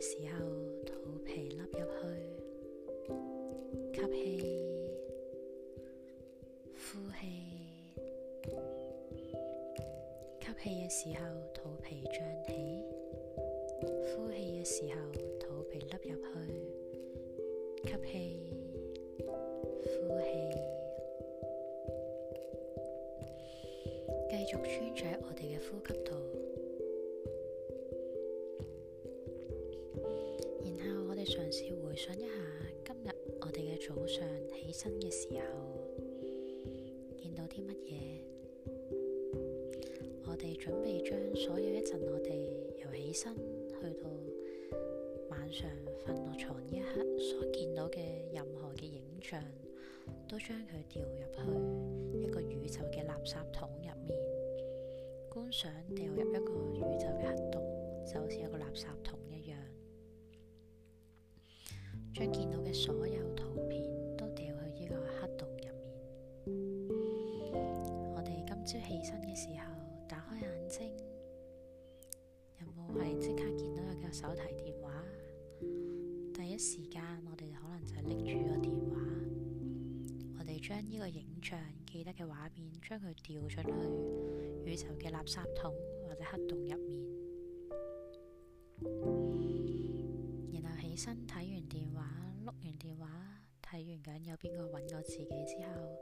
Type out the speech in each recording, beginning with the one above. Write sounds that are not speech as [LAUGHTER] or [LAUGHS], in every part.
時候，肚皮凹入去，吸氣，呼氣。吸氣嘅時候，肚皮脹起；呼氣嘅時候，肚皮凹入去。吸氣，呼氣，繼續穿住我哋嘅呼吸道。想一下，今日我哋嘅早上起身嘅時候，見到啲乜嘢？我哋準備將所有一陣我哋由起身去到晚上瞓落床一刻所見到嘅任何嘅影像，都將佢掉入去一個宇宙嘅垃圾桶入面，觀想掉入一個宇宙嘅黑洞，就好似一個垃圾桶。將見到嘅所有圖片都掉去呢個黑洞入面。我哋今朝起身嘅時候，打開眼睛，有冇係即刻見到有個手提電話？第一時間我哋可能就係拎住個電話，我哋將呢個影像記得嘅畫面，將佢掉出去宇宙嘅垃圾桶或者黑洞入面，然後起身。電話碌，完電話，睇完緊有邊個揾過自己之後，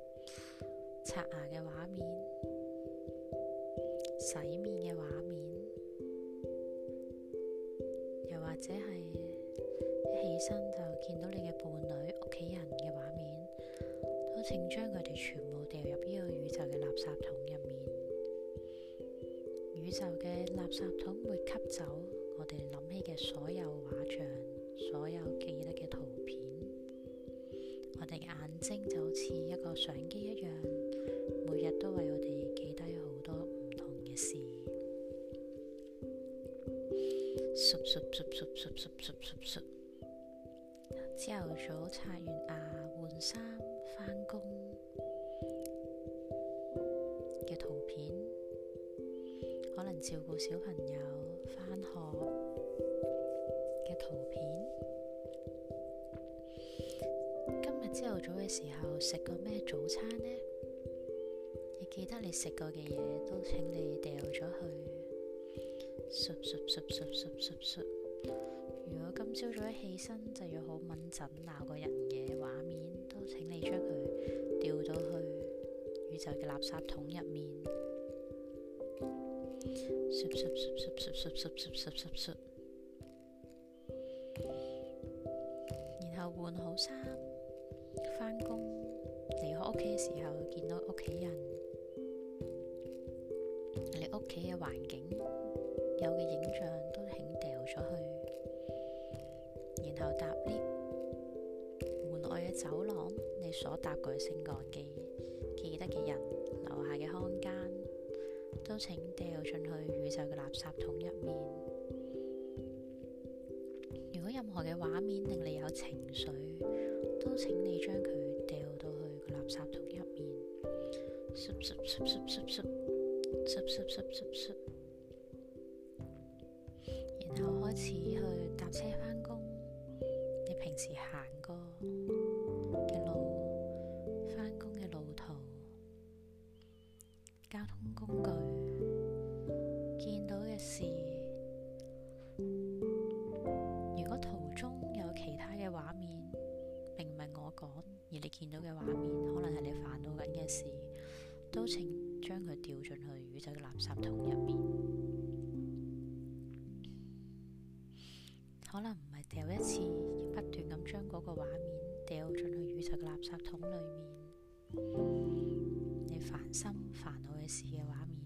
刷牙嘅畫面、洗面嘅畫面，又或者係一起身就見到你嘅伴侶、屋企人嘅畫面，都請將佢哋全部掉入呢個宇宙嘅垃圾桶入面。宇宙嘅垃圾桶會吸走我哋諗起嘅所有畫像。所有記得嘅圖片，我哋眼睛就好似一個相機一樣，每日都為我哋記低好多唔同嘅事。濕濕濕濕濕濕濕濕。朝頭早刷完牙、換衫、返工嘅圖片，可能照顧小朋友、返學。時候食過咩早餐呢？你記得你食過嘅嘢都請你掉咗去。如果今朝早一起身就要好穩陣鬧個人嘅畫面，都請你將佢掉到去宇宙嘅垃圾桶入面。然後換好衫。返工離開屋企嘅時候，見到屋企人，你屋企嘅環境有嘅影像都請掉咗去，然後搭 lift，門外嘅走廊，你所搭過嘅升降機記得嘅人、樓下嘅空間，都請掉進去宇宙嘅垃圾桶入面。如果任何嘅畫面令你有情緒，都請你將佢掉到去個垃圾桶入面，然後開始去搭車返工。你平時行過嘅路，返工嘅路途，交通工具，見到嘅事，垃圾桶入面，可能唔係掉一次，不斷咁將嗰個畫面掉進去宇宙嘅垃圾桶裏面，你煩心煩惱嘅事嘅畫面，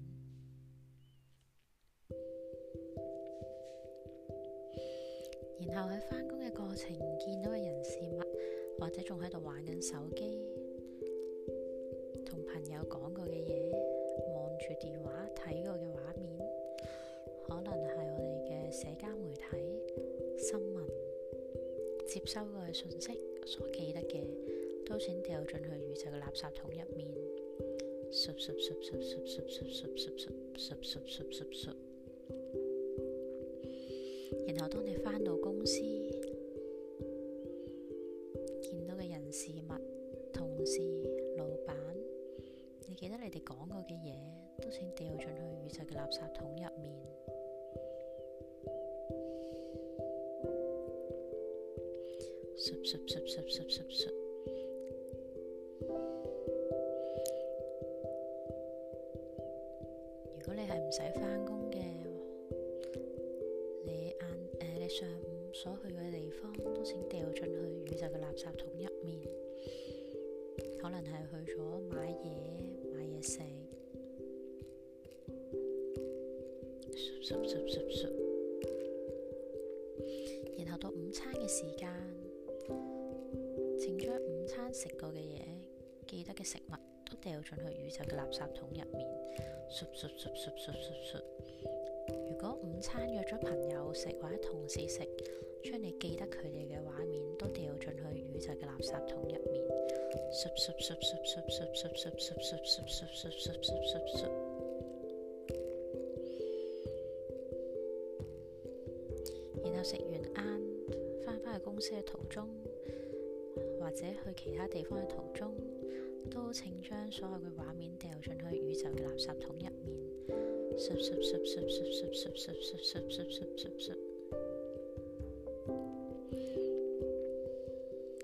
然後喺翻工嘅過程見到嘅人事物，或者仲喺度玩緊手機。接收過嘅信息所記得嘅，都請掉進去宇宙嘅垃圾桶入面。然後當你返到公司，見到嘅人事物、同事、老闆，你記得你哋講過嘅嘢，都請掉進去宇宙嘅垃圾桶入面。濕濕濕濕濕濕濕。如果你係唔使返工嘅，你晏誒，你上午所去嘅地方都請掉進去宇宙嘅垃圾桶入面。可能係去咗買嘢，買嘢食。濕濕濕濕濕。食物都掉進去宇宙嘅垃圾桶入面，如果午餐約咗朋友食或者同事食，將你記得佢哋嘅畫面都掉進去宇宙嘅垃圾桶入面，然後食完晏，返返去公司嘅途中，或者去其他地方嘅途中。都請將所有嘅畫面掉進去宇宙嘅垃圾桶入面。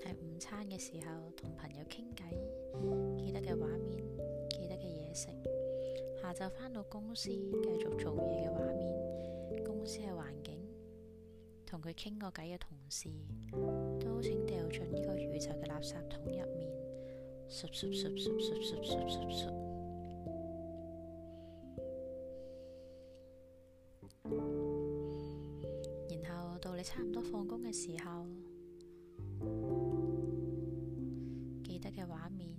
喺午餐嘅時候同朋友傾偈，記得嘅畫面，記得嘅嘢食。下晝返到公司繼續做嘢嘅畫面，公司嘅環境，同佢傾過偈嘅同事，都請掉進呢個宇宙嘅垃圾桶入。然後到你差唔多放工嘅時候，記得嘅畫面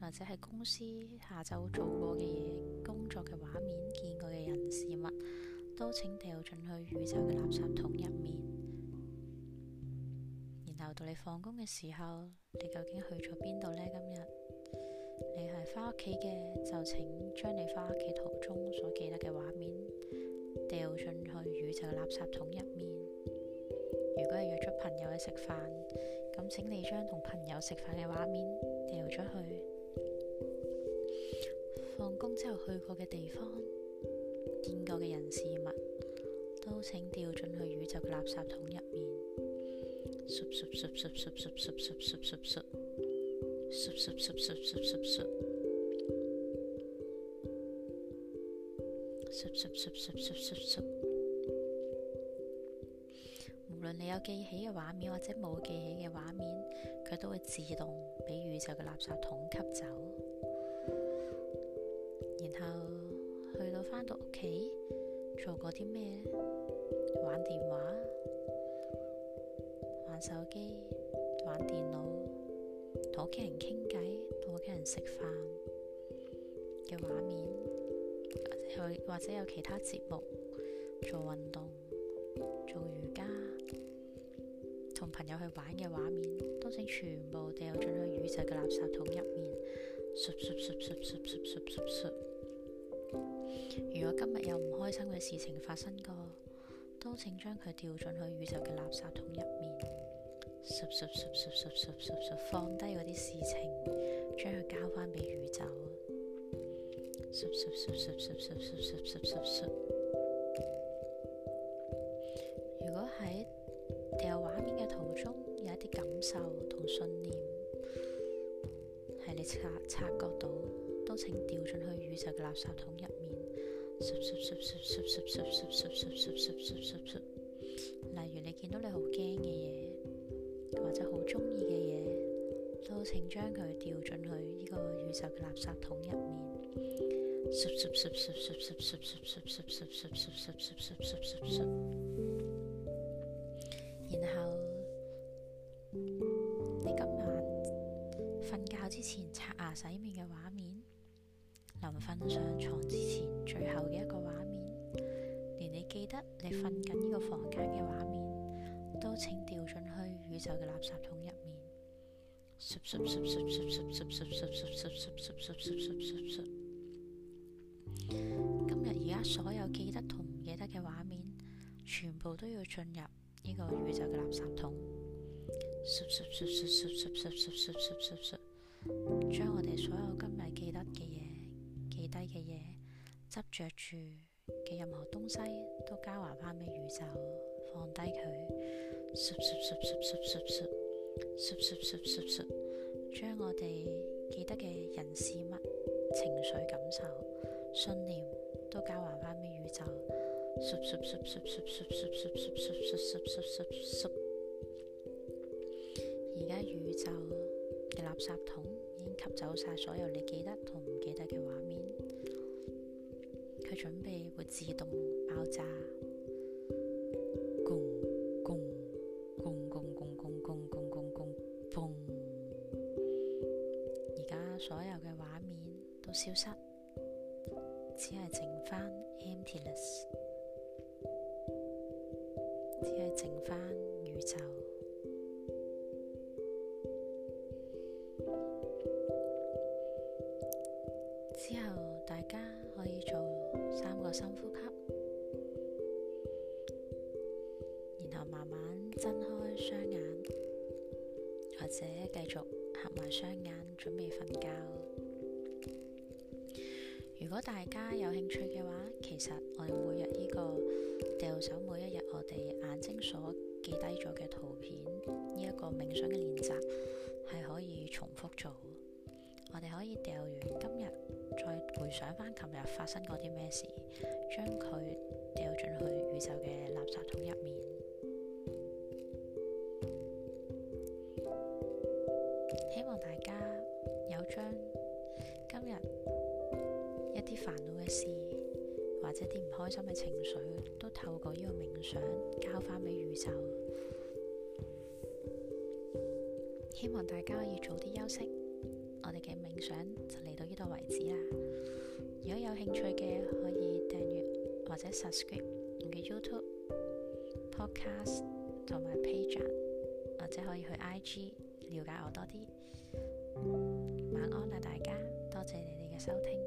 或者係公司下晝做過嘅嘢、工作嘅畫面、見過嘅人事物，都請掉進去宇宙嘅垃圾桶入面。然後到你放工嘅時候，你究竟去咗邊度咧？返屋企嘅就請將你返屋企途中所記得嘅畫面掉進去宇宙垃圾桶入面。如果係約咗朋友去食飯，咁請你將同朋友食飯嘅畫面掉咗去。放工之後去過嘅地方、見過嘅人事物，都請掉進去宇宙嘅垃圾桶入面。刷刷，無論你有記起嘅畫面或者冇記起嘅畫面，佢都會自動俾宇宙嘅垃圾桶吸走。 [LAUGHS] 然後去到返到屋企，做過啲咩呢？玩電話、玩手機、玩電腦，同屋企人傾偈、同屋企人食飯嘅畫面。或者有其他節目、做運動、做瑜伽、同朋友去玩嘅畫面，都請全部掉進去宇宙嘅垃圾桶入面。如果今日有唔開心嘅事情發生過，都請將佢掉進去宇宙嘅垃圾桶入面。放低嗰啲事情，將佢交翻俾宇宙。如果喺掉畫面嘅途中有一啲感受同信念，係你察察覺到，都請掉進去宇宙嘅垃圾桶入面。例如你見到你好驚嘅嘢，或者好中意嘅嘢，都請將佢掉進去呢個宇宙嘅垃圾桶入面。然後你今晚瞓覺之前刷牙洗面嘅畫面，臨瞓上床之前最後嘅一個畫面，連你記得你瞓緊呢個房間嘅畫面，都請掉進去宇宙嘅垃圾桶入面。 [NOISE] 把所有記得同唔記得嘅畫面，全部都要進入呢個宇宙嘅垃圾桶。將我哋所有今日記得嘅嘢、記低嘅嘢、執着住嘅任何東西都交還翻俾宇宙，放低佢。將我哋記得嘅人事物、情緒感受、信念。都交還翻畀宇宙，而家宇宙嘅垃圾桶已經吸走晒所有你記得同唔記得嘅畫面，佢準備會自動爆炸，轟轟轟轟轟轟轟轟轟，而家所有嘅畫面都消失。只係剩返 emptiness，只係剩返宇宙。之後大家可以做三個深呼吸，然後慢慢睜開雙眼，或者繼續合埋雙眼準備瞓覺。如果大家有興趣嘅話，其實我哋每日呢個掉手，每一日我哋眼睛所記低咗嘅圖片，呢一個冥想嘅練習係可以重複做。我哋可以掉完今日，再回想翻琴日發生嗰啲咩事，將佢掉進去宇宙嘅垃圾桶入面。希望大家～事或者啲唔開心嘅情緒，都透過呢個冥想交翻俾宇宙。希望大家可以早啲休息。我哋嘅冥想就嚟到呢度為止啦。如果有興趣嘅，可以訂閱或者 subscribe 我嘅 YouTube Podcast 同埋 Page，或者可以去 IG 了解我多啲。晚安啊，大家！多謝你哋嘅收聽。